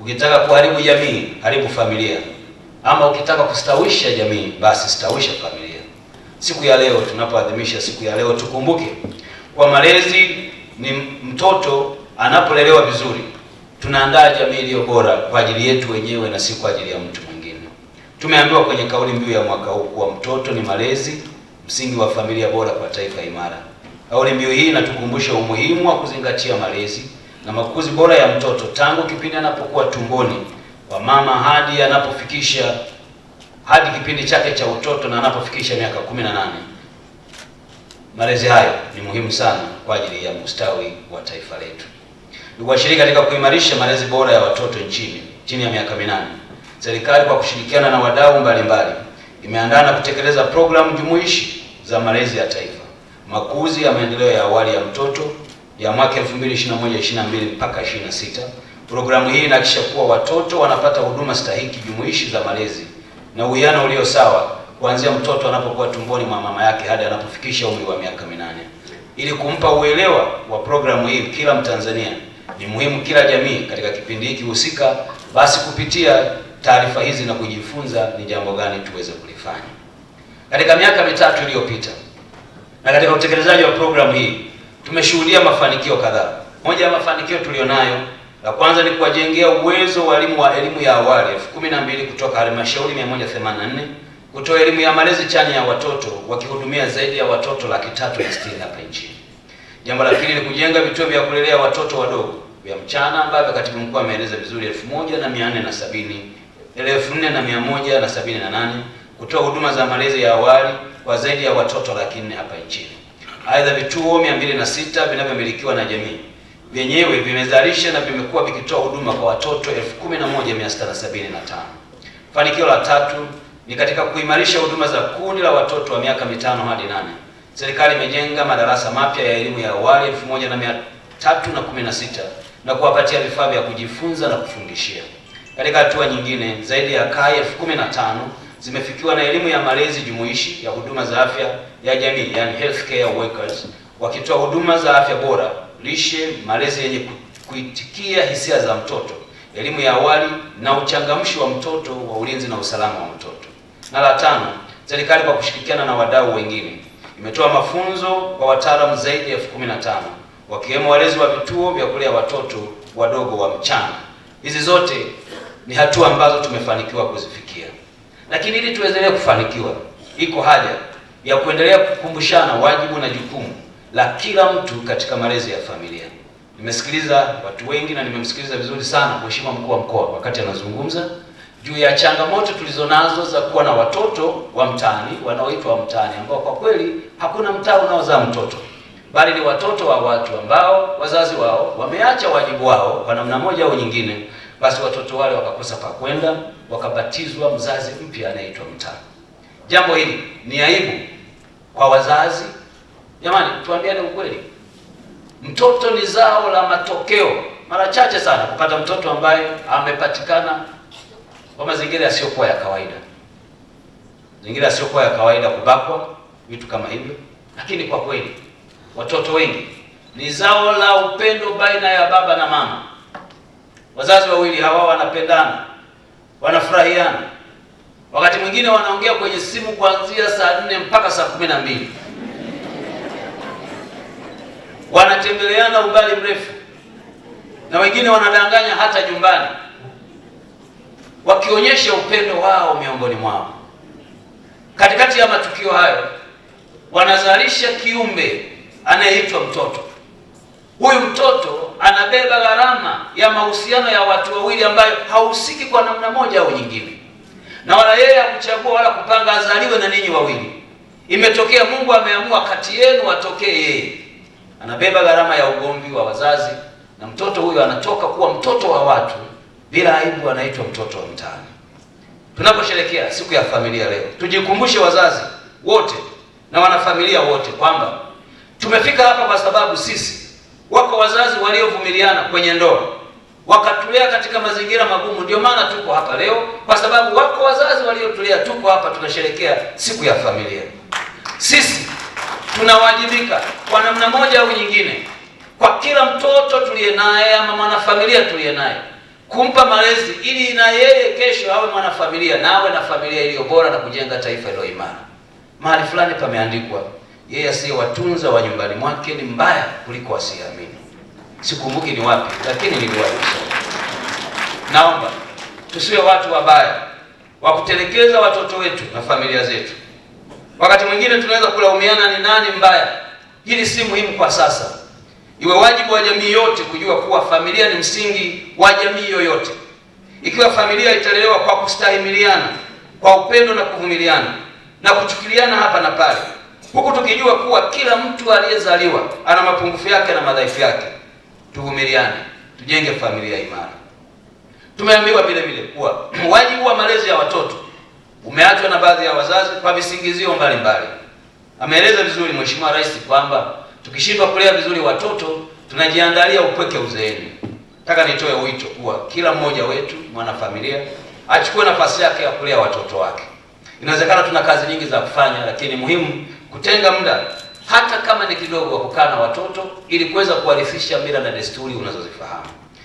Ukitaka kuharibu jamii, haribu familia, ama ukitaka kustawisha jamii, basi stawisha familia. Siku ya leo tunapoadhimisha siku ya leo, tukumbuke kwa malezi ni mtoto anapolelewa vizuri, tunaandaa jamii iliyo bora kwa ajili yetu wenyewe na si kwa ajili ya mtu mwingine. Tumeambiwa kwenye kauli mbiu ya mwaka huu kuwa mtoto ni malezi, msingi wa familia bora kwa taifa imara. Kauli mbiu hii inatukumbusha umuhimu wa kuzingatia malezi na makuzi bora ya mtoto tangu kipindi anapokuwa tumboni wa mama hadi anapofikisha hadi kipindi chake cha utoto na anapofikisha miaka kumi na nane. Malezi hayo ni muhimu sana kwa ajili ya mustawi wa taifa letu. Ndugu washiriki, katika kuimarisha malezi bora ya watoto nchini chini ya miaka minane, serikali kwa kushirikiana na wadau mbalimbali imeandaa na kutekeleza programu jumuishi za malezi ya taifa, makuzi ya maendeleo ya awali ya mtoto ya mwaka 2021-2022 mpaka 26. Programu hii inahakikisha kuwa watoto wanapata huduma stahiki jumuishi za malezi na uwiano ulio sawa kuanzia mtoto anapokuwa tumboni mwa mama yake hadi anapofikisha umri wa miaka minane. Ili kumpa uelewa wa programu hii kila Mtanzania, ni muhimu kila jamii katika kipindi hiki husika basi kupitia taarifa hizi na kujifunza ni jambo gani tuweze kulifanya. Katika miaka mitatu iliyopita na katika utekelezaji wa programu hii tumeshuhudia mafanikio kadhaa. Moja ya mafanikio tulionayo la kwanza ni kuwajengea uwezo walimu wa elimu ya awali elfu kumi na mbili kutoka halmashauri 184 kutoa elimu ya malezi chanya ya watoto wakihudumia zaidi ya watoto laki tatu na sitini hapa nchini. Jambo la pili ni kujenga vituo vya kulelea watoto wadogo vya mchana ambavyo katibu mkuu ameeleza vizuri elfu moja na mia nne na sabini elfu nne na mia moja na sabini na nane kutoa huduma za malezi ya awali kwa zaidi ya watoto laki nne hapa nchini. Aidha, vituo 206 vinavyomilikiwa na jamii vyenyewe vimezalisha na vimekuwa vikitoa huduma kwa watoto 11675. Fanikio la tatu ni katika kuimarisha huduma za kundi la watoto wa miaka mitano hadi nane. Serikali imejenga madarasa mapya ya elimu ya awali 1316 na kuwapatia vifaa vya kujifunza na kufundishia. Katika hatua nyingine, zaidi ya kaya elfu kumi na tano zimefikiwa na elimu ya malezi jumuishi ya huduma za afya ya jamii, yani healthcare workers, wakitoa huduma za afya bora, lishe, malezi yenye kuitikia hisia za mtoto, elimu ya awali na uchangamshi wa mtoto wa ulinzi na usalama wa mtoto. Na la tano, serikali kwa kushirikiana na wadau wengine imetoa mafunzo kwa wataalamu zaidi ya elfu kumi na tano wakiwemo walezi wa vituo vya kulea watoto wadogo wa mchana. Hizi zote ni hatua ambazo tumefanikiwa kuzifikia. Lakini ili tuendelee kufanikiwa, iko haja ya kuendelea kukumbushana wajibu na jukumu la kila mtu katika malezi ya familia. Nimesikiliza watu wengi na nimemsikiliza vizuri sana Mheshimiwa mkuu wa mkoa wakati anazungumza juu ya changamoto tulizonazo za kuwa na watoto wa mtaani wanaoitwa wa mtaani, ambao kwa kweli hakuna mtaa unaozaa mtoto, bali ni watoto wa watu ambao wazazi wao wameacha wajibu wao kwa namna moja au nyingine, basi watoto wale wakakosa pa kwenda wakabatizwa mzazi mpya anaitwa mtano. Jambo hili ni aibu kwa wazazi. Jamani, tuambiane ukweli, mtoto ni zao la matokeo. Mara chache sana kupata mtoto ambaye amepatikana kwa mazingira yasiyokuwa ya kawaida, mazingira yasiyokuwa ya kawaida, kubakwa, vitu kama hivyo. Lakini kwa kweli watoto wengi ni zao la upendo baina ya baba na mama. Wazazi wawili hawa wanapendana wanafurahiana, wakati mwingine wanaongea kwenye simu kuanzia saa nne mpaka saa kumi na mbili wanatembeleana umbali mrefu, na wengine wanadanganya hata nyumbani, wakionyesha upendo wao miongoni mwao. Katikati ya matukio hayo wanazalisha kiumbe anayeitwa mtoto huyu mtoto anabeba gharama ya mahusiano ya watu wawili ambayo hahusiki kwa namna moja au nyingine, na wala yeye hakuchagua wala kupanga azaliwe na ninyi wawili. Imetokea Mungu ameamua kati yenu atokee yeye. Anabeba gharama ya ugomvi wa wazazi, na mtoto huyo anatoka kuwa mtoto wa watu bila aibu, anaitwa mtoto wa mtaani. Tunaposherekea siku ya familia leo, tujikumbushe wazazi wote na wanafamilia wote kwamba tumefika hapa kwa sababu sisi Wako wazazi waliovumiliana kwenye ndoa wakatulea katika mazingira magumu. Ndio maana tuko hapa leo, kwa sababu wako wazazi waliotulea. Tuko hapa tunasherehekea siku ya familia. Sisi tunawajibika kwa namna moja au nyingine kwa kila mtoto tuliye naye ama mwanafamilia tuliye naye kumpa malezi ili na yeye kesho awe mwanafamilia na awe na familia iliyo bora na kujenga taifa iliyo imara. Mahali fulani pameandikwa yeye asiyewatunza wa nyumbani mwake ni mbaya kuliko asiyeamini. Sikumbuki ni wapi, lakini niliwahi kusoma. Naomba tusiwe watu wabaya wa kutelekeza watoto wetu na familia zetu. Wakati mwingine tunaweza kulaumiana ni nani mbaya. Hili si muhimu kwa sasa. Iwe wajibu wa jamii yote kujua kuwa familia ni msingi wa jamii yoyote. Ikiwa familia italelewa kwa kustahimiliana, kwa upendo na kuvumiliana na kuchukuliana hapa na pale huku tukijua kuwa kila mtu aliyezaliwa ana mapungufu yake na madhaifu yake. Tuvumiliane, tujenge familia imara. Tumeambiwa vile vile kuwa wajibu wa malezi ya watoto umeachwa na baadhi ya wazazi kwa visingizio mbalimbali. Ameeleza vizuri Mheshimiwa Rais kwamba tukishindwa kulea vizuri watoto tunajiandalia upweke uzeeni. Nataka nitoe wito kuwa kila mmoja wetu mwanafamilia achukue nafasi yake ya kulea watoto wake. Inawezekana tuna kazi nyingi za kufanya, lakini muhimu kutenga muda hata kama ni kidogo wa kukaa na watoto ili kuweza kuwarifisha mila na desturi unazozifahamu.